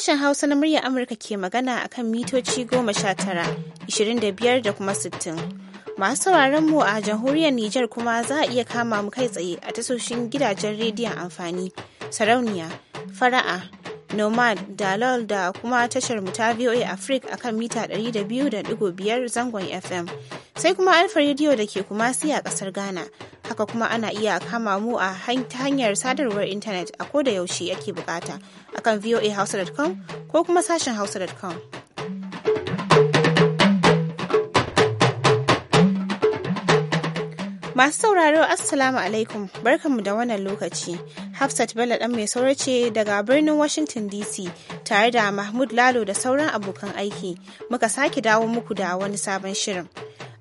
Sashen Hausa na muryar Amurka ke magana a kan mitoci goma sha tara, ishirin da biyar da kuma sittin. Masu sauraron mu a jamhuriyar Nijar kuma za a iya kama mu kai tsaye a tasoshin gidajen rediyon amfani, sarauniya, fara'a, nomad dalol da kuma tashar mu ta voa africa akan mita 200.5 zangon fm sai kuma alfa rediyo da ke kuma siya kasar ghana haka kuma ana iya kama mu a hanyar sadarwar intanet a koda yaushe ake bukata akan voahausa.com ko kuma sashen hausa.com Masu sauraro Assalamu alaikum barkanmu da wannan lokaci. Hafsat Bello ɗan mai saurace ce daga birnin Washington DC tare da Mahmud Lalo da sauran abokan aiki muka sake dawo muku da wani sabon shirin.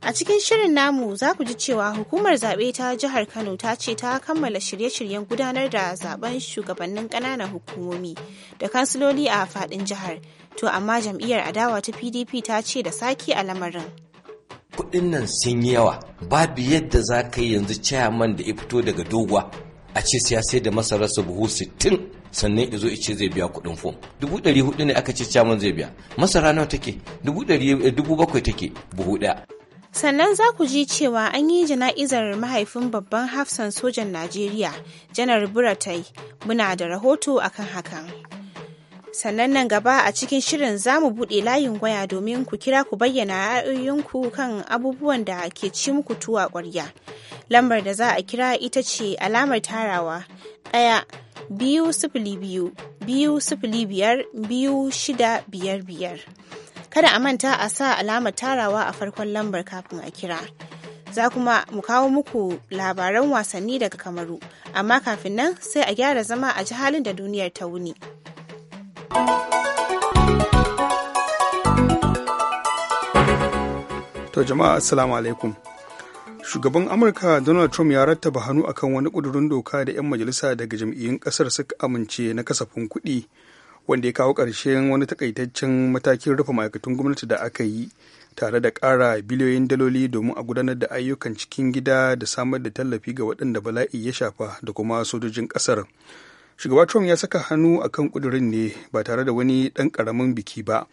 A cikin shirin namu za ku ji cewa hukumar zaɓe ta jihar Kano ta ce ta kammala shirye-shiryen gudanar da zaben shugabannin ƙananan hukumomi da kansiloli a faɗin jihar. To amma jam'iyyar adawa ta PDP ta ce da saki a lamarin. kuɗin nan sun yi yawa babu yadda za ka yi yanzu chairman da ya fito daga doguwa a ce siyasai da masararsa buhu 60 sannan izo ce zai biya kuɗin fom dubu ɗari hudu ne aka ce chairman zai biya masara nawa take dubu ɗari eh, dubu bakwai take buhu ɗaya sannan za ku ji cewa an yi jana'izar mahaifin babban hafsan sojan najeriya janar buratai muna da rahoto akan hakan sannan nan gaba a cikin shirin za mu buɗe layin waya domin ku kira ku bayyana ra'ayoyinku kan abubuwan da ke ci muku tuwa ƙwarya lambar da za a kira ita ce alamar tarawa ɗaya biyu sifili biyu biyu sifili biyar biyu shida biyar biyar kada a manta a sa alamar tarawa a farkon lambar kafin a kira za kuma mu kawo muku labaran wasanni daga kamaru amma kafin nan sai a gyara zama a ji halin da duniyar ta wuni. To jama'a assalamu alaikum. Shugaban Amurka Donald Trump ya rattaba hannu akan wani ƙudurin doka da 'yan majalisa daga jam'iyyun ƙasar suka amince na kasafin kuɗi wanda ya kawo ƙarshen wani takaitaccen matakin rufe ma'aikatun gwamnati da aka yi tare da ƙara biliyoyin daloli domin a gudanar da ayyukan cikin gida da samar da tallafi ga waɗanda bala'i ya shafa da kuma sojojin ƙasar. shugaba trump ya saka hannu a kan kudirin ne ba tare da wani dan karamin biki ba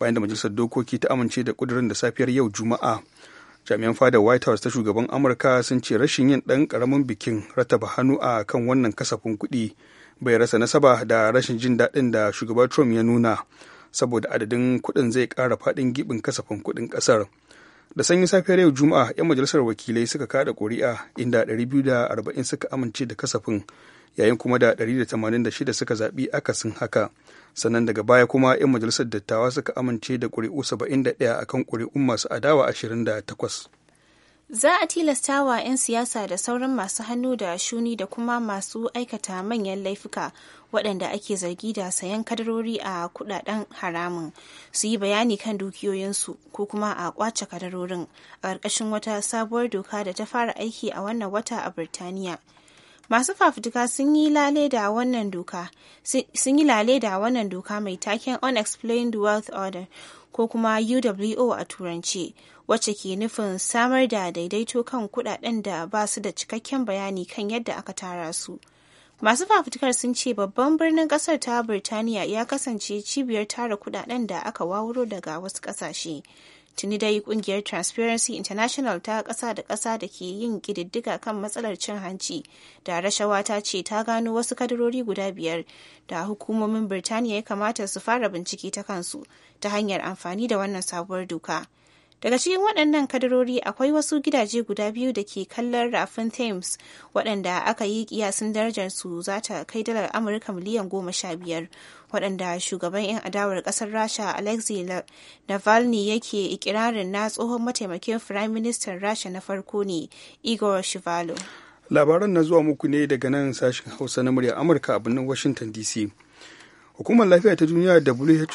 bayan da majalisar dokoki ta amince da kudurin da safiyar yau juma'a jami'an fada white house ta shugaban amurka sun ce rashin yin dan karamin bikin rataba hannu a kan wannan kasafin kudi bai rasa nasaba da rashin jin daɗin da shugaba trump ya nuna saboda adadin kudin zai kara faɗin gibin kasafin kudin ƙasar da sanyi safiyar yau juma'a 'yan majalisar wakilai suka kada kuri'a inda 240 suka amince da kasafin yayin kuma da 186 suka zaɓi akasin haka sannan daga baya kuma 'yan majalisar dattawa suka amince da ƙuri'u 71 kan ƙuri'un masu adawa 28 za a tilasta wa 'yan siyasa da sauran masu hannu da shuni da kuma masu aikata manyan laifuka waɗanda ake zargi da sayan kadarori a kudaden haramun su yi bayani kan dukiyoyinsu ko kuma a kwace kadarorin a ƙarƙashin wata sabuwar doka da ta fara aiki a wannan wata a birtaniya masu fafutuka sun yi lale da wannan doka wannan doka mai taken unexplained wealth order ko kuma uwo a turance wacce ke nufin samar da daidaito kan kudaden da ba su da cikakken bayani kan yadda aka tara su masu fafutukar sun ce babban birnin kasar ta birtaniya ya kasance cibiyar tara kudaden da aka wawuro daga wasu kasashe Tuni dai kungiyar Transparency International ta ƙasa da ƙasa da ke yin ƙididdiga kan matsalar cin hanci da rashawa ta ce ta gano wasu kadarori guda biyar da hukumomin Birtaniya ya kamata su fara bincike ta kansu ta hanyar amfani da wannan sabuwar doka. Daga cikin waɗannan kadarori akwai wasu gidaje guda biyu da ke kallon rafin Thames waɗanda aka yi kiyasin darajar su za ta kai dalar Amurka miliyan goma sha biyar waɗanda shugaban 'yan adawar ƙasar Rasha Alexei Navalny yake ikirarin na tsohon mataimakin Firayim Ministan Rasha na farko ne Igor Shivalo. Labaran na zuwa muku ne daga nan sashen Hausa na murya Amurka a birnin Washington DC. hukumar lafiya ta duniya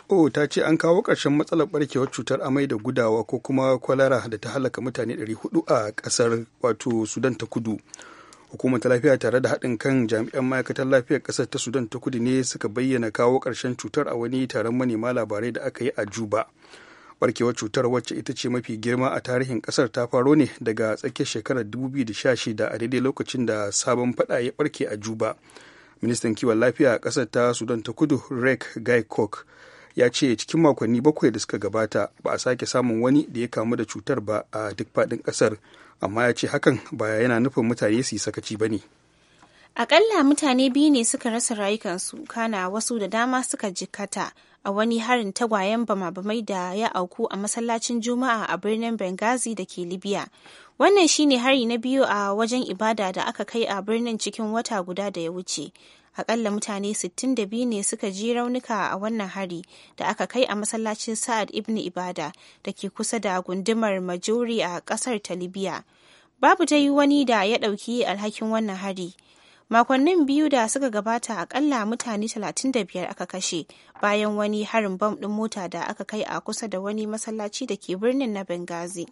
who ta ce an kawo ƙarshen matsalar barkewar cutar amai da gudawa ko kuma kwalara da ta halaka mutane 400 a ƙasar wato sudan ta kudu hukumar ta lafiya tare da haɗin kan jami'an ma'aikatar lafiyar ƙasar ta sudan ta kudu ne suka bayyana kawo ƙarshen cutar a wani taron manema labarai da aka yi a juba barkewar cutar wacce ita ce mafi girma a tarihin ƙasar ta faro ne daga tsakiyar shekarar 2016 a daidai lokacin da sabon faɗa ya barke a juba ministan kiwon lafiya a ƙasar ta sudan ta kudu rek guy cook ya ce cikin makonni bakwai da suka gabata ba a sake samun wani da ya kamu da cutar ba a duk faɗin ƙasar amma ya ce hakan ba yana nufin mutane su yi sakaci ba ne akalla mutane biyu ne suka rasa rayukansu kana wasu da dama suka jikkata a wani harin tagwayen bama-bamai da ya auku a masallacin juma'a a birnin bengazi da ke libya Wannan shi ne hari na biyu a wajen ibada da aka kai a birnin cikin wata guda da ya wuce. Akalla mutane 62 ne suka ji raunuka a wannan hari da aka kai a masallacin Sa'ad ibn Ibada da ke kusa da gundumar majori a ƙasar ta Libya. Babu ta yi wani da ya ɗauki alhakin wannan hari. makonnin biyu da suka gabata akalla mutane 35 aka kashe bayan wani harin bam ɗin mota da aka kai a kusa da wani masallaci da ke birnin na benghazi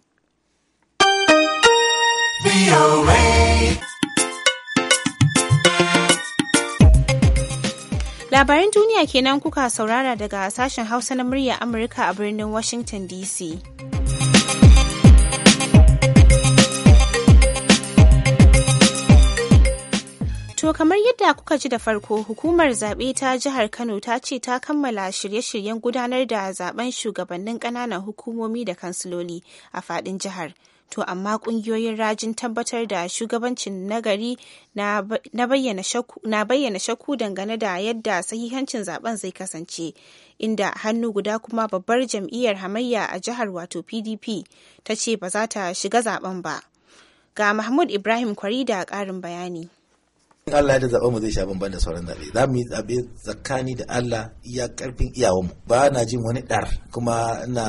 Labaran duniya kenan kuka saurara daga sashen Hausa na murya Amurka a birnin Washington DC. To kamar yadda kuka ji da farko hukumar zaɓe ta jihar Kano ta ce ta kammala shirye-shiryen gudanar da zaben shugabannin ƙananan hukumomi da kansiloli a faɗin jihar. to amma kungiyoyin rajin tabbatar da shugabancin nagari na bayyana shakku dangane da yadda sahihancin zaben zai kasance inda hannu guda kuma babbar jam'iyyar hamayya a jihar wato pdp ta ce ba za ta shiga zaben ba ga mahmud ibrahim kwari da ƙarin bayani Allah ya zaɓe mu zai sha bamban da sauran zaɓe za mu yi zaɓe tsakani da Allah iya ƙarfin iyawanmu ba na jin wani ɗar kuma ina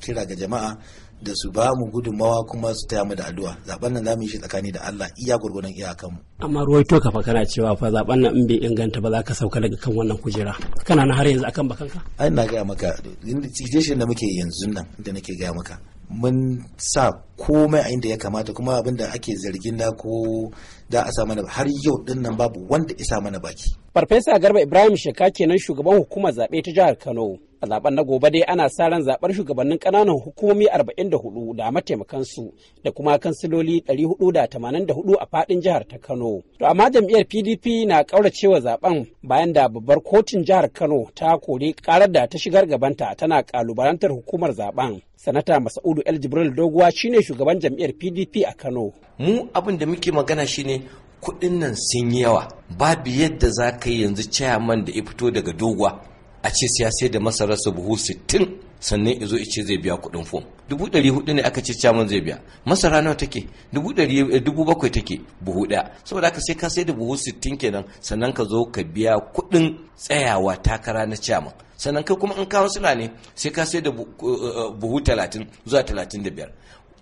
kira ga jama'a da su ba mu gudunmawa kuma su taya mu da addu'a zaben nan zamu yi shi tsakani da Allah iya gurgurdan iyakan mu amma ruwaito ka fa kana cewa fa zaben nan in bai inganta ba za ka sauka daga kan wannan kujera kana na har yanzu akan bakanka ai na ga maka shi da muke yanzu nan da nake ga maka mun sa komai a inda ya kamata kuma abin da ake zargin da ko da a sa mana har yau din nan babu wanda isa mana baki farfesa garba ibrahim sheka kenan shugaban hukumar zabe ta jihar kano A zaben na gobe dai ana sa ran zaɓar shugabannin ƙananan hukumomi 44 da mataimakansu da kuma kansiloli 484 a faɗin jihar ta Kano. To amma jam'iyyar PDP na kauracewa zaben bayan da babbar kotun jihar Kano ta kori karar da ta shigar gabanta tana kalubalantar hukumar zaben. Sanata Masaudu El Jibril Doguwa shine shugaban jam'iyyar PDP a Kano. Mu abin da muke magana shine kuɗin nan sun yi yawa babu yadda za ka yi yanzu chairman da ya fito daga doguwa a ce sai da masarar su buhu 60 sannan izo ice zai biya kuɗin fom dubu ɗari hudu ne aka ce caman zai biya masara nawa take dubu ɗari eh, dubu bakwai take buhu ɗaya saboda haka sai ka sai da buhu sittin kenan sannan ka zo ka biya kuɗin tsayawa takara na caman sannan kai kuma in kawo sula ne sai ka sai da eh, eh, buhu talatin zuwa talatin da biyar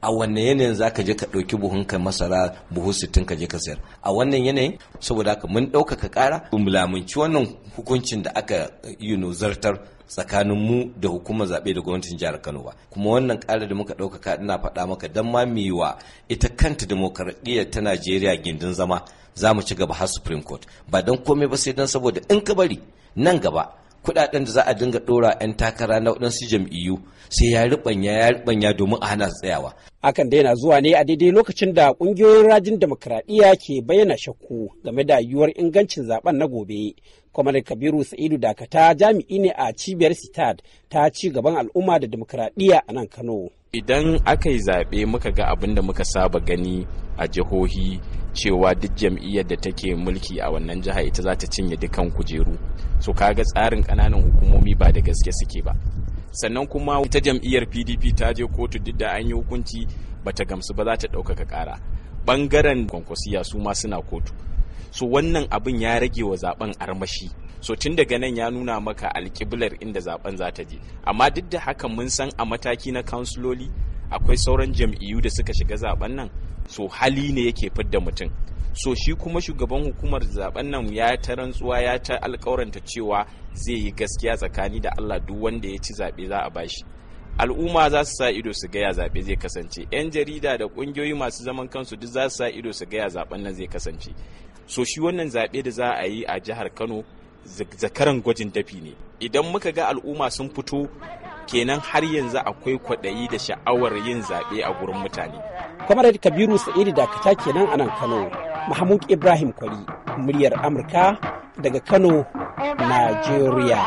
a wanne yanayin za ka je ka ɗauki buhun ka masara buhu sittin ka je ka sayar a wannan yanayin saboda haka mun ɗaukaka ƙara lamunci wannan hukuncin da aka yi zartar tsakanin mu da hukumar zaɓe da gwamnatin jihar Kano ba kuma wannan ƙara da muka ɗaukaka ina faɗa maka don ma wa ita kanta demokaradiyyar ta Najeriya gindin zama za mu ci gaba har Supreme Court ba don komai ba sai don saboda in ka bari nan gaba kudaden da za a dinga dora 'yan takara na waɗansu jam'iyyu sai ya ribanya ya ribanya domin a hana tsayawa. Hakan da yana zuwa ne a daidai lokacin da ƙungiyoyin rajin demokuraɗiyya ke bayyana shakku game da yiwuwar ingancin zaben na gobe. Kwamar Kabiru Sa'idu Dakata jami'i ne a cibiyar Sitad ta ci gaban al'umma da demokuraɗiyya a nan Kano. Idan aka yi zaɓe muka ga abin da muka saba gani a jihohi cewa duk jam'iyyar da take mulki a wannan jiha ita za ta cinye dukkan kujeru so kaga tsarin kananan hukumomi ba da gaske suke ba sannan kuma ita jam'iyyar pdp ta je kotu duk da an yi hukunci ba ta gamsu ba za ta ɗaukaka ƙara ɓangaren kwankwasiya su ma suna kotu so wannan abin ya rage wa zaben armashi so tun daga nan ya nuna maka alƙiblar inda zaben za ta je amma duk da haka mun san a mataki na kansuloli akwai sauran jam'iyyu da suka shiga zaben nan so hali ne yake fidda mutum so shi kuma shugaban hukumar zaben nan ya ta rantsuwa ya ta alkawaranta cewa zai yi gaskiya tsakani da Allah duk wanda ya ci zaɓe za a bashi al'umma za su sa ido su gaya zaɓe zai kasance 'yan jarida da ƙungiyoyi masu zaman kansu duk za su sa ido su gaya zaɓen nan zai kasance so shi wannan zaɓe da za a yi a jihar kano zakaran gwajin dafi ne idan muka ga al'umma sun fito kenan har yanzu akwai kwaɗayi da sha'awar yin zaɓe a gurin mutane. Kwamarar Kabiru Sa'idu Dakata kenan a nan Kano, Mahmud Ibrahim Kwari, muryar Amurka daga Kano, Najeriya.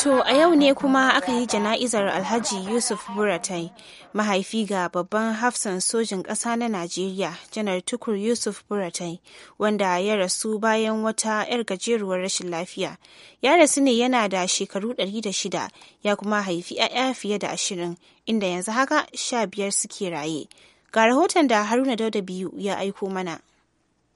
To a yau ne kuma aka yi jana'izar Alhaji Yusuf Buratai, mahaifi ga babban hafsan sojin ƙasa na Najeriya, janar Tukur Yusuf Buratai, wanda ya rasu bayan wata 'yar gajeruwar rashin lafiya. Ya rasu ne yana da shekaru 106, ya kuma haifi 'ya'ya fiye da ashirin, inda yanzu haka sha biyar suke raye. Ga rahoton da Haruna Dauda biyu ya aiko mana.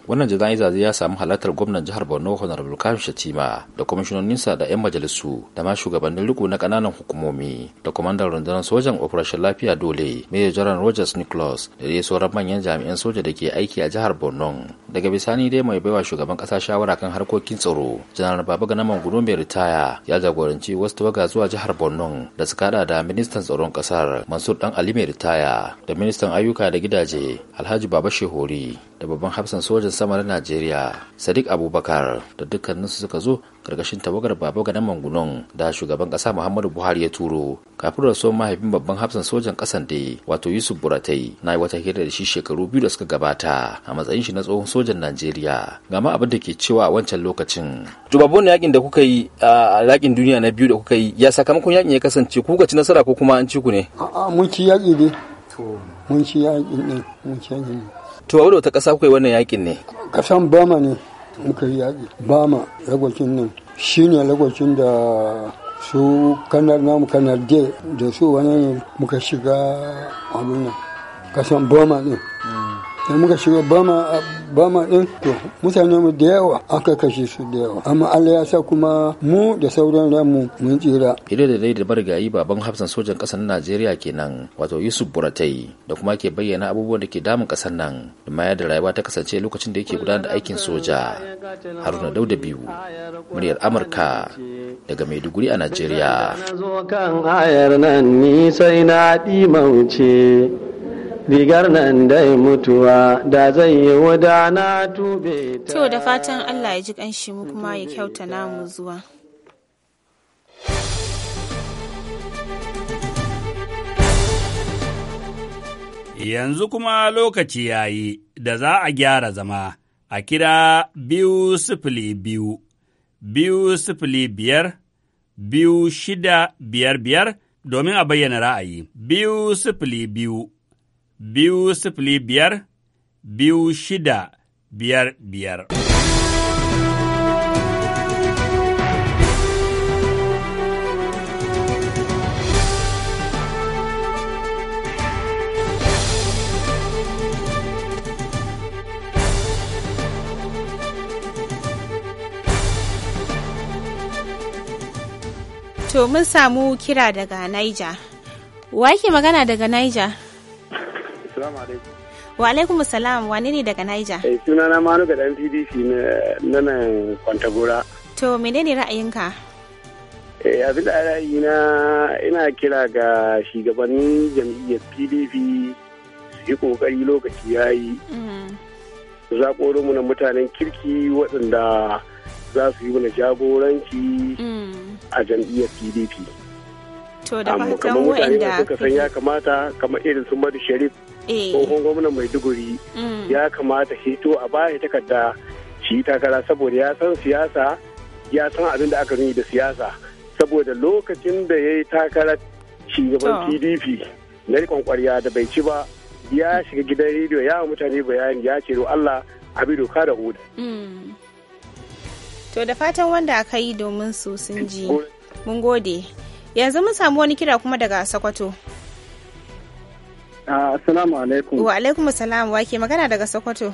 wannan izazi ya samu halartar gwamnan jihar borno honorable kashim shatima da kwamishinoninsa da 'yan majalisu da ma shugabannin riko na kananan hukumomi da kwamandan rundunar sojan operation lafiya dole mai general rogers nicholas da dai sauran manyan jami'an soja da ke aiki a jihar borno daga bisani dai mai baiwa shugaban kasa shawara kan harkokin tsaro janar naman manguno mai ritaya ya jagoranci wasu tawaga zuwa jihar borno da suka hada da ministan tsaron kasar mansur dan ali mai ritaya da ministan ayyuka da gidaje alhaji baba shehori da babban hafsan soja sama na Najeriya Sadiq Abubakar da dukkanin su suka zo karkashin tawagar Baba Ganan Mangunon da shugaban kasa Muhammadu Buhari ya turo kafin rasuwar mahaifin babban hafsan sojan kasan da wato Yusuf Buratai na yi wata hira da shi shekaru biyu da suka gabata a matsayin shi na tsohon sojan Najeriya ga ma abin da ke cewa a wancan lokacin. Dubabbon yakin da kuka yi a yakin duniya na biyu da kuka yi ya sakamakon yakin ya kasance kuka ci nasara ko kuma an ci ku ne? A'a mun ci yaki ne. Mun ci yakin ne mun ci yakin ne. to a wata ƙasa kuka yi wannan yakin ne ƙasan bama ne muka yi yaƙi bama lagwacin nan shine lagwacin da su kanar namu kanar de da su wani muka shiga abin nan ƙasan bama ne mm. da muka shiga bama bama din to mutane mu da yawa aka kashe su da yawa amma Allah ya sa kuma mu da sauran ranmu mun tsira ire da dai da marigayi baban hafsan sojan kasar Najeriya kenan wato Yusuf Buratai da kuma ke bayyana abubuwan da ke damun kasar nan da ma da rayuwa ta kasance lokacin da yake gudanar da aikin soja Haruna Dauda biyu muryar Amurka daga Maiduguri a Najeriya. Zo kan ayar nan ni sai na di mauce. rigar nan dai mutuwa da zai yi wadana tube ta. To da fatan Allah ya ji kanshi mu kuma ya kyauta namu zuwa. Yanzu kuma lokaci ya yi da za a gyara zama a kira biyu sifili biyu, biyu sifili biyar, biyu shida biyar biyar domin a bayyana ra'ayi, biyu sifili biyu. biyu sifili biyar biyu shida biyar biyar. To mun samu kira daga Niger. Wa ke magana daga Niger? alaikum. Wa alaikum assalam wani ne daga naija. Eh na Manu ga dan PDP na nan Kwantagora. To menene ra'ayinka? Eh abin da ra'ayi na ina kira ga shugabannin jam'iyyar PDP su yi kokari lokaci yayi. Mm-hmm. Za mu na mutanen kirki waɗanda za su yi mana jagoranci mm. a jam'iyyar PDP. To da fatan wa'anda. Kamar mutane da suka san ya kamata kamar irin su Madu Sharif Eh. tsohon gwamnan maiduguri mm. ya kamata shi to a baya takarda shi takara saboda ya san siyasa ya san abin da aka nuni da siyasa saboda lokacin da ya yi takarar shugaban pdp na rikon kwarya da bai ci ba ya shiga gidan rediyo ya mutane bayani ya ce allah abi doka da oda mm. to da fatan wanda aka yi domin su sun ji mun gode yanzu mun samu wani kira kuma daga sokoto Ah, assalamu alaikum. Wa alaikum assalam wa ke magana daga Sokoto.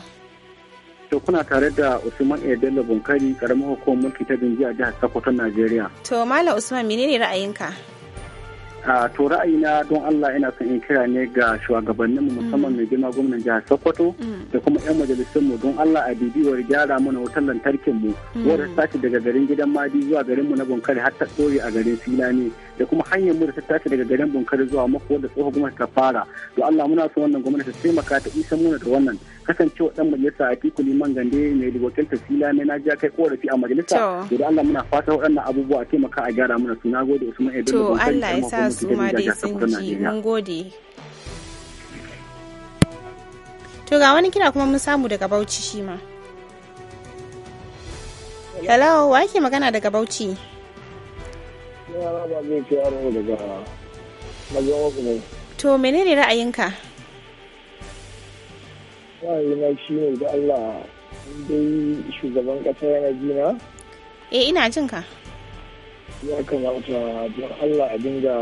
To kuna tare da Usman Edele Bunkari karamin hukumar mulki ta Binji a jihar Sokoto Najeriya. To Malam Usman menene ra'ayinka? to ra'ayina don Allah ina son in kira ne ga mu musamman mai girma gwamnan jihar Sokoto mm. da kuma 'yan mu don Allah a bibiyar gyara mana wutar lantarkinmu mm. wanda ta tashi daga garin gidan Madi zuwa garin mu na Bunkari har ta tsore a garin Filani da kuma hanyar mu da ta tashi daga garin Bunkari zuwa Mako da tsohon gwamnati ta fara to Allah muna son wannan gwamnati ta taimaka ta isa muna da wannan kasancewa dan majalisa a tikuli man gande mai wakilta Filani na ja kai korafi a majalisa to Allah muna fata waɗannan abubuwa a taimaka a gyara mana su nagode Usman Edo Allah ya sa su dai sun ji mun gode to ga wani kira kuma mun samu daga bauchi shi ma hello wa ke magana daga bauchi to menene ra'ayinka ra'ayina shi ne da Allah dai shugaban kasa yana jina eh ina jinka ka ya kamata don allah a dinga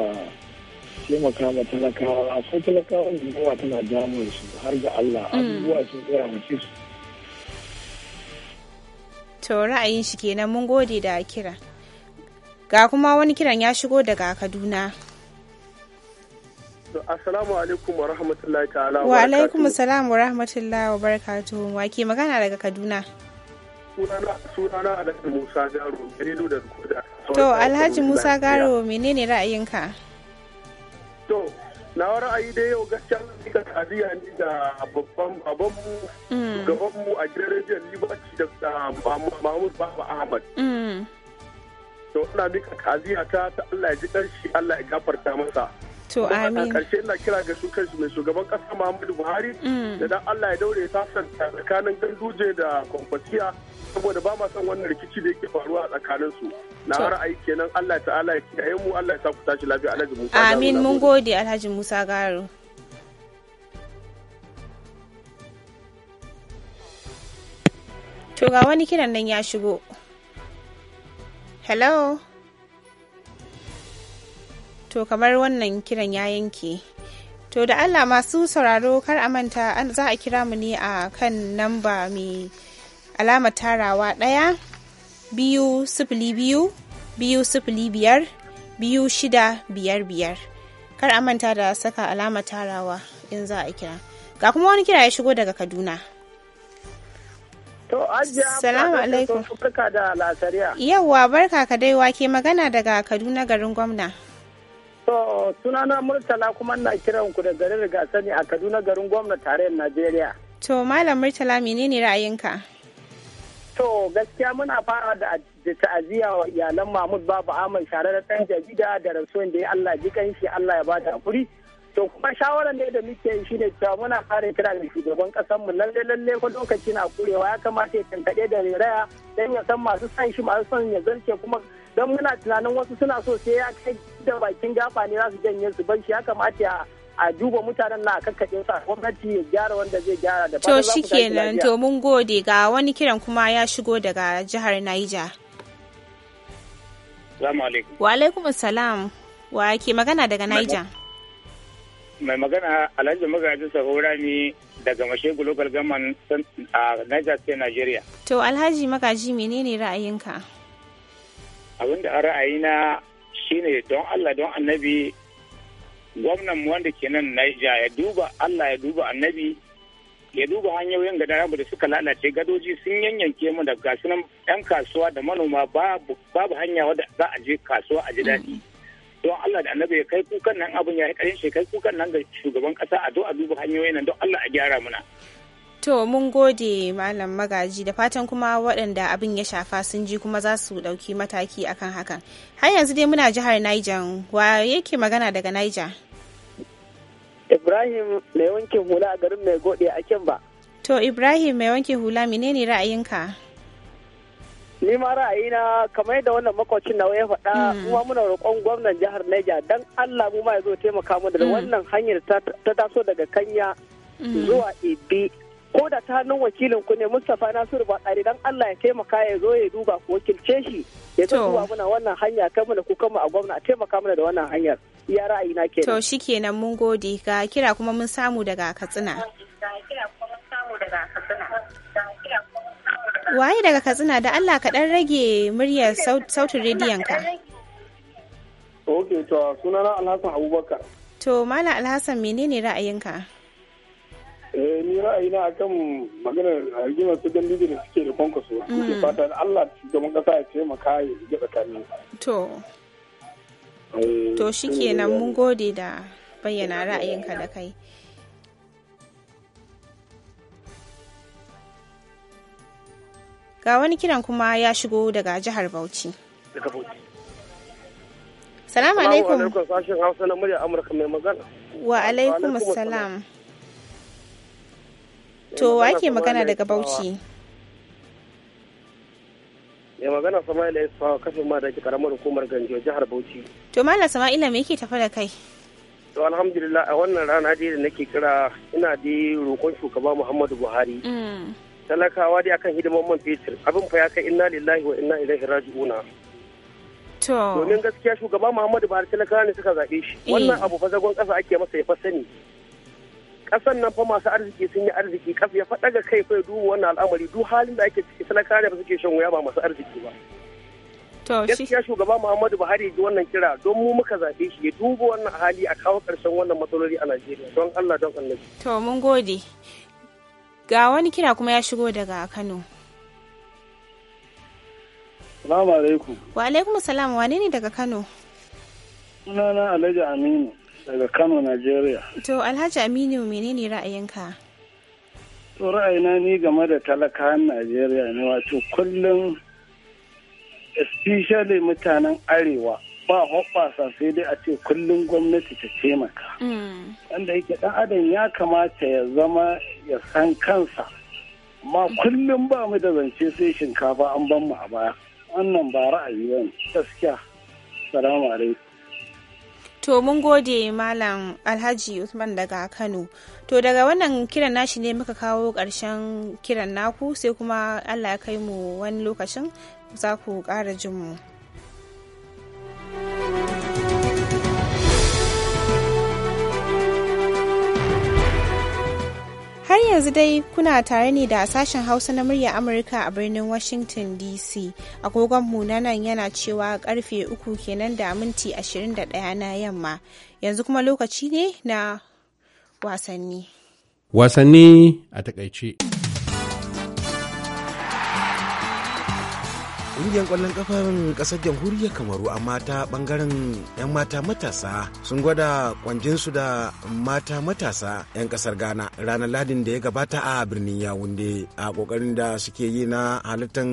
taimaka ma talakawa akwai talakawa da yawa tana damun su har ga allah hmm. abubuwa sun tsira mace su to ra'ayin shi kenan mun gode da kira ga kuma wani kiran ya shigo daga kaduna Assalamu alaikum wa rahmatullahi ta'ala wa alaikum salam wa rahmatullahi wa barakatuhu wa ke magana daga Kaduna sunana sunana Alhaji Musa Jaro Garido da To Alhaji Musa Garo menene ra'ayinka? To na ra'ayi dai yau gaskiya yi ta'aziyya ne da babban babanmu mm. gabanmu a gidan rediyon Liberty da Mahmud Baba Ahmad. Mm. To ina mika kaziya ta ta Allah ya ji karshi Allah ya gafarta masa. To amin. karshe ina kira ga su kansu mai shugaban kasa Muhammadu Buhari mm. da dan Allah ya daure sasanta tsakanin ganduje da kwamfasiya saboda ba ma son wannan rikici da yake faruwa a tsakanin su. Na ra'ayi kenan Allah ta'ala ya kiyaye mu Allah ya sa ku tashi lafiya Alhaji Musa. Amin mun gode Alhaji Musa Garo. To ga wani kiran nan ya shigo. Hello. to kamar wannan kiran ya yanke to da allah masu sauraro kar a manta za a kira mu ne a kan namba mai alamar tarawa ɗaya biyu sifili biyu biyu sifili biyar biyu shida biyar biyar kar a manta da saka alamar tarawa in za a kira ga kuma wani kira ya shigo daga kaduna To Salamu alaikum. Yauwa Yawwa barka ka dai wake magana daga Kaduna garin gwamna. sunana Murtala kuma na kiran ku da garin Rigasani a Kaduna garin gwamna tarayyar Najeriya. To Malam Murtala menene ra'ayinka? To gaskiya muna fara da ta'aziyya wa iyalan Mahmud Babu Ahmad da ɗan jarida da rasuwan da ya Allah ji shi Allah ya ba da hakuri. To kuma shawarar ne da muke yi shine cewa muna fara kira da shugaban kasar mu lalle lalle ko lokaci na kurewa ya kamata ya tantaɗe da raya, dan ya san masu san shi masu son ya zance kuma don muna tunanin wasu suna so sai ya kai da bakin gafa ne za su janye su Ban shi ya kamata a duba mutanen na kakkaɗe sa gwamnati ya gyara wanda zai gyara da to shikenan to mun gode ga wani kiran kuma ya shigo daga jihar Niger Assalamu alaikum. Wa alaikum assalam Wa ke magana daga Niger? Mai magana Alhaji Magaji Sahura ne daga Mashegu Local Government a Niger State Nigeria. To Alhaji Magaji menene ra'ayinka? abinda a na shine don Allah don annabi gwamnan wanda ke nan Naija ya duba Allah ya duba annabi ya duba hanyoyin gada da suka lalace gadoji sun yanyanke mu da gasu nan yan kasuwa da manoma babu hanya wadda za a je kasuwa a ji daɗi don Allah da annabi ya kai kukan nan abin ya yi ƙarshe kai kukan nan ga shugaban kasa a zo a duba hanyoyin nan don Allah a gyara muna. To mun gode malam magaji da fatan kuma waɗanda abin ya shafa sun ji kuma za su ɗauki mataki akan hakan. Har yanzu dai muna jihar Niger wa yake magana daga Niger? Ibrahim mai wanke hula a garin mai gode a ba. To Ibrahim mai wanke hula menene ra'ayinka? Ni ma ra'ayina kamar da wannan makwacin na ya faɗa kuma mm. muna roƙon gwamnan jihar Niger dan Allah mu ma ya zo taimaka mu da mm. wannan hanyar ta taso daga Kanya mm. zuwa Ibi ko da ta hannun wakilin ku ne Mustapha Nasiru tsari dan Allah ya taimaka ya zo ya duba ku wakilce shi ya duba muna wannan hanya kai mana ku kama a gwamna a taimaka mana da wannan hanyar ya ra'ayi kenan to shikenan mun gode ga kira kuma mun samu daga Katsina waye daga Katsina da Allah ka dan rage muryar sautin rediyon ka Ok, to sunana Alhassan Abubakar. To, mala Alhassan menene ra'ayinka? eh ni na akan maganar rigimar su gandiji da suke da kwankwaso suke mm. fata Allah shugaban kasa ya ce taimaka ya rige tsakanin to to shikenan mun gode da bayyana ra'ayinka da kai ga wani kiran kuma ya shigo daga jihar Bauchi Bauchi Salamu alaikum. Wa alaikum salam. To ake ke magana daga Bauchi? Ya magana Sama'ila ya fawa kafin ma da ke karamar hukumar Ganjo jihar Bauchi. To Malam Sama'ila me yake tafa da kai? To alhamdulillah a wannan rana dai da nake kira ina da roƙon shugaba Muhammadu Buhari. Mm. Talakawa dai akan hidimar man fetur abin fa ya kai inna lillahi wa inna ilaihi raji'un. To. Domin gaskiya shugaba Muhammadu Buhari talakawa ne suka zaɓe shi. Eh. Wannan abu fa zagon ƙasa ake masa ya fa sani. kasan nan fa masu arziki sun yi arziki kaf ya faɗa ga kai kai duba wannan al'amari duk halin da ake ciki talakawa ba suke shan wuya ba masu arziki ba gaskiya shugaba muhammadu buhari ji wannan kira don mu muka zabe shi ya duba wannan hali a kawo karshen wannan matsaloli a najeriya don allah don annabi to mun gode ga wani kira kuma ya shigo daga kano salamu alaikum wa alaikum salam wane ne daga kano sunana alhaji aminu daga Kano, nigeria. To, Alhaji Aminu menene ra'ayinka? To, ra'ayina ni game da talakawan nigeria ne wato kullum especially mutanen Arewa ba hoɓɓasa sai dai a ce kullum gwamnati ta taimaka. Mm. Wanda yake ɗan adam ya kamata ya zama ya san kansa. Ma kullum ba mu da zance sai shinkafa an ban mu a baya. Wannan ba ra'ayi ba gaskiya. Salamu alaikum. To mun gode Malam Alhaji Usman daga Kano. To daga wannan kiran nashi ne muka kawo ƙarshen kiran naku sai kuma Allah ya kai mu wani lokacin za ku ƙara jin mu. yanzu dai kuna tare ne da sashen Hausa na murya Amurka a birnin Washington DC. Agogon mu na nan yana cewa karfe uku kenan da minti 21 na yamma. Yanzu kuma lokaci ne na wasanni. Wasanni a takaice. Ƙungiyar ƙwallon ƙafar ƙasar jamhuriyar Kamaru a mata ɓangaren 'yan mata matasa sun gwada kwanjinsu da mata matasa 'yan ƙasar Ghana ranar Ladin da ya gabata a birnin Yawunde a ƙoƙarin da suke yi na halittar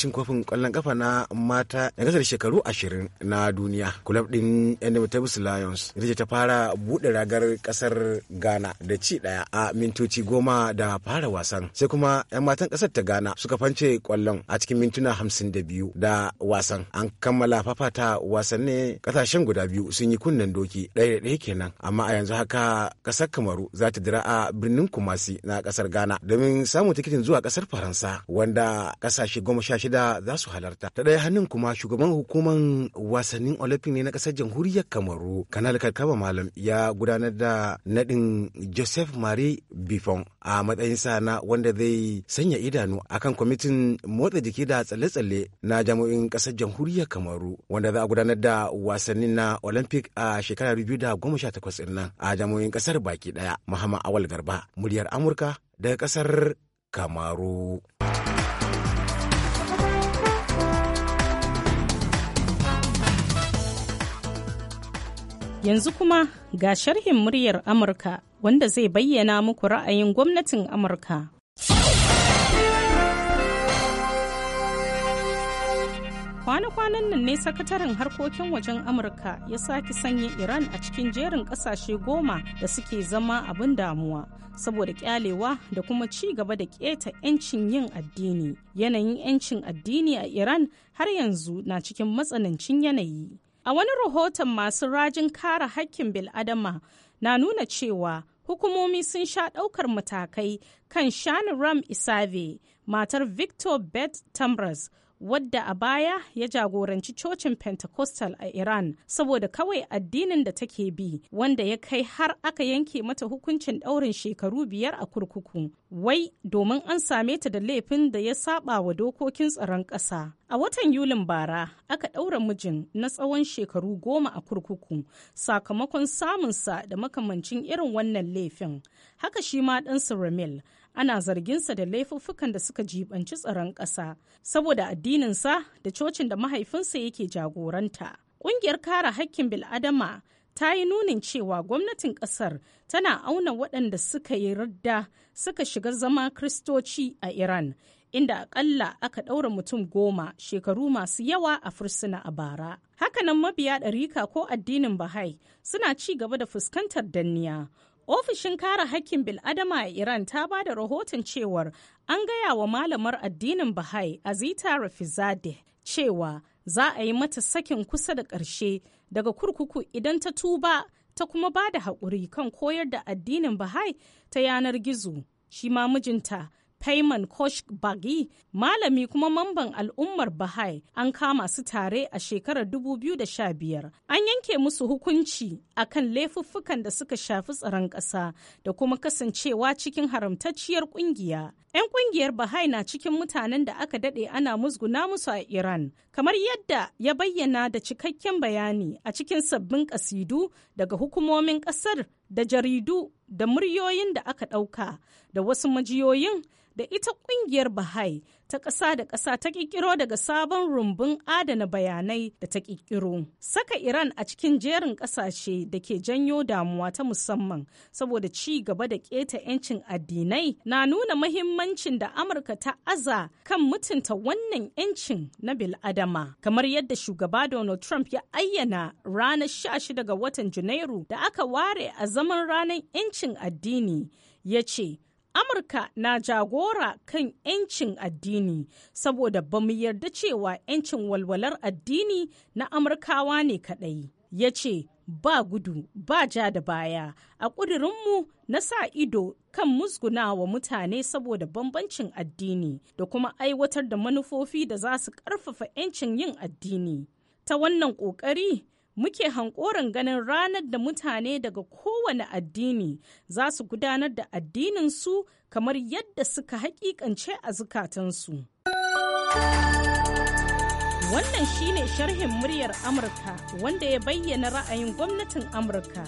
cin kofin ƙwallon ƙafa na mata 'yan ƙasar shekaru ashirin na duniya. Kulab ɗin Indomitable Lions ita ce ta fara buɗe ragar ƙasar Ghana da ci ɗaya a mintoci goma da fara wasan. Sai kuma 'yan matan ƙasar ta Ghana suka fance ƙwallon a cikin mintuna hamsin 82 da wasan an kammala fafata wasan ne kasashen guda biyu sun yi kunnen doki ɗaya da ɗaya kenan amma a yanzu haka ƙasar kamaru za ta dira a birnin kumasi na ƙasar ghana domin samun tikitin zuwa ƙasar faransa wanda ƙasashe goma sha shida za su halarta ta ɗaya hannun kuma shugaban hukumar wasannin olympic ne na ƙasar jamhuriyar kamaru kanal karkaba malam ya gudanar da naɗin joseph marie bifon a matsayinsa na wanda zai sanya idanu akan kwamitin motsa jiki da tsalle-tsalle. na jami'in ƙasar jamhuriyar kamaru wanda za a gudanar da wasannin na olympic a shekarar 2018 ɗin nan a jami'in ƙasar baki ɗaya muhammad awal garba muryar amurka daga ƙasar kamaru. Yanzu kuma ga sharhin muryar Amurka wanda zai bayyana muku ra'ayin gwamnatin Amurka. kwana-kwanan nan ne sakataren harkokin wajen amurka ya sake sanya iran a cikin jerin kasashe goma da suke zama abin damuwa saboda kyalewa da kuma ci gaba da keta 'yancin yin addini yanayin 'yancin addini a iran har yanzu na cikin matsanancin yanayi a wani rahoton masu rajin kare hakkin bil'adama na nuna cewa hukumomi sun sha daukar matakai kan ram isave matar victor bet tamras wadda a baya ya jagoranci cocin Pentecostal a Iran saboda kawai addinin da take bi wanda ya kai har aka yanke mata hukuncin daurin shekaru biyar a kurkuku. Wai domin an same ta da laifin da ya saba wa dokokin tsaron ƙasa. A watan Yulin bara aka ɗaura mijin na tsawon shekaru goma a kurkuku sakamakon samunsa da makamancin irin wannan laifin. Haka shi ma ɗansu Ramil ana zarginsa da laifuffukan da suka jibanci tsaron ƙasa saboda addininsa da cocin da mahaifinsa yake jagoranta. Ƙungiyar kare hakkin bil'adama ta yi nunin cewa gwamnatin ƙasar tana auna waɗanda suka yi radda suka shiga zama kristoci a Iran, inda aƙalla aka ɗaura mutum goma shekaru masu yawa a fursuna a bara. Hakanan mabiya ɗarika ko addinin Bahai suna ci gaba da fuskantar danniya. Ofishin kare hakkin bil'adama a Iran ta ba da rahoton cewar an gaya wa malamar addinin Bahai Azita rafizade cewa za a yi mata sakin kusa da ƙarshe daga kurkuku idan ta tuba ta kuma ba da haƙuri kan koyar da addinin Bahai ta yanar gizo. Shi ma mijinta Payman Kosh Bagi, malami kuma mamban al'ummar Bahai an kama su tare a shekarar 2015. An yanke musu hukunci a kan laifuffukan da suka shafi tsaron ƙasa da kuma kasancewa cikin haramtacciyar ƙungiya. 'Yan ƙungiyar Bahai na cikin mutanen da aka daɗe ana musguna musu a Iran, kamar yadda ya bayyana da cikakken bayani a cikin sabbin ƙasidu daga hukumomin ƙasar da jaridu da muryoyin da aka ɗauka da wasu majiyoyin da ita ƙungiyar Bahai ta ƙasa da ƙasa ta ƙirƙiro daga sabon rumbun adana bayanai da ta ƙirƙiro. Saka Iran a cikin jerin ƙasashe da ke janyo damuwa ta musamman saboda ci gaba da ƙeta 'yancin addinai na nuna mahimmancin da Amurka ta aza kan mutunta wannan 'yancin na bil'adama. Kamar yadda shugaba Donald Trump ya ayyana ranar 16 ga watan Janairu da aka ware a zaman ranar 'yancin addini ya ce Amurka na jagora kan 'yancin addini saboda ba mu yarda cewa 'yancin walwalar addini na Amurkawa ne kaɗai. Ya ce, ba gudu, ba ja da baya, a ƙudurinmu na sa ido kan musguna wa mutane saboda bambancin addini da kuma aiwatar da manufofi da za su ƙarfafa 'yancin yin addini. Ta wannan ƙoƙari, muke hankorin ganin ranar da mutane daga kowane addini za su gudanar da addininsu kamar yadda suka hakikance a zukatansu. Wannan shine sharhin muryar Amurka wanda ya bayyana ra'ayin gwamnatin Amurka.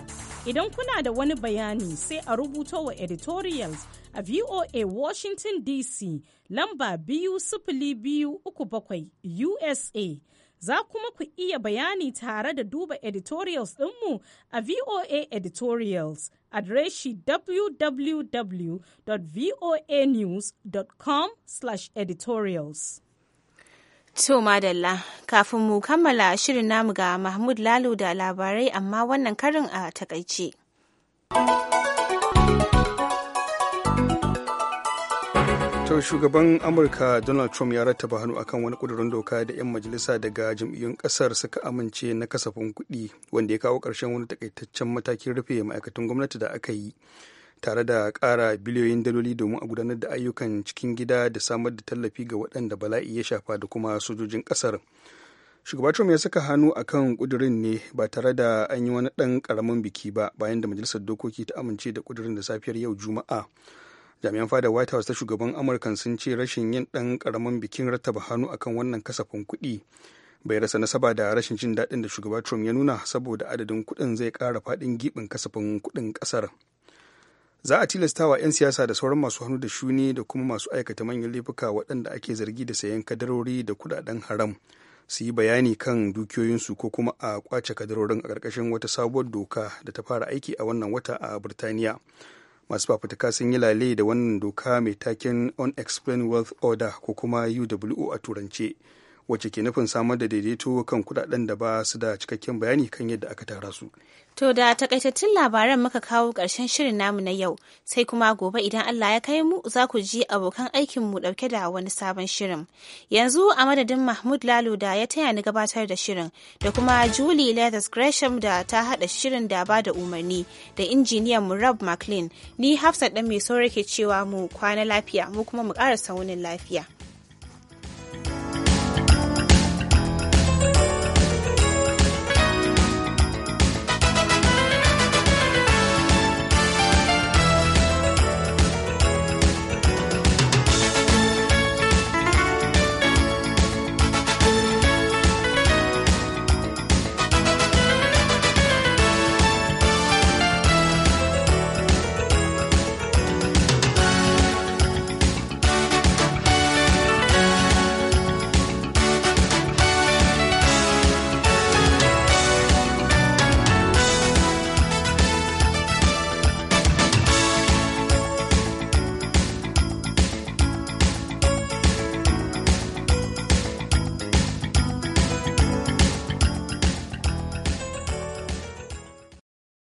Idan kuna da wani bayani sai a rubuto wa editorials a VOA Washington DC lamba biyu biyu uku bakwai USA. Za kuma ku iya bayani tare da duba editorials ɗinmu a VOA editorials adireshi www.voanews.com/editorials. To madalla kafin mu kammala shirin namu ga Mahmud Lalo da labarai amma wannan karin a takaice. wato shugaban amurka donald trump ya rattaba hannu akan wani kudurin doka da 'yan majalisa daga jam'iyyun kasar suka amince na kasafin kuɗi wanda ya kawo ƙarshen wani takaitaccen matakin rufe ma'aikatan gwamnati da aka yi tare da kara biliyoyin daloli domin a gudanar da ayyukan cikin gida da samar da tallafi ga waɗanda bala'i ya shafa da kuma sojojin ƙasar shugaba trump ya saka hannu akan kudurin ne ba tare da an yi wani ɗan ƙaramin biki ba bayan da majalisar dokoki ta amince da kudurin da safiyar yau juma'a jami'an fada white house ta shugaban amurkan sun ce rashin yin dan karamin bikin rattaba hannu akan wannan kasafin kuɗi bai rasa nasaba da rashin jin daɗin da shugaba trump ya nuna saboda adadin kuɗin zai kara faɗin giɓin kasafin kuɗin ƙasar za a tilasta wa 'yan siyasa da sauran masu hannu da shuni da kuma masu aikata manyan laifuka waɗanda ake zargi da sayan kadarori da kuɗaɗen haram su yi bayani kan dukiyoyinsu ko kuma a kwace kadarorin a ƙarƙashin wata sabuwar doka da ta fara aiki a wannan wata a birtaniya. masu fafutuka sun yi lale da wannan doka mai taken unexplained wealth order ko kuma uwo a turance wacce ke nufin samar da daidaito kan kudaden da ba su da cikakken bayani kan yadda aka tara su. To da takaitattun labaran muka kawo ƙarshen shirin namu na yau sai kuma gobe idan Allah ya kai mu za ku ji abokan aikin mu ɗauke da wani sabon shirin. Yanzu a madadin Mahmud Lalo da ya taya ni gabatar da shirin da kuma Julie Leathers Gresham da ta haɗa shirin da ba da umarni da injiniyan mu Rob McLean ni Hafsat ɗan mai saurake cewa mu kwana lafiya mu kuma mu ƙara saunin lafiya.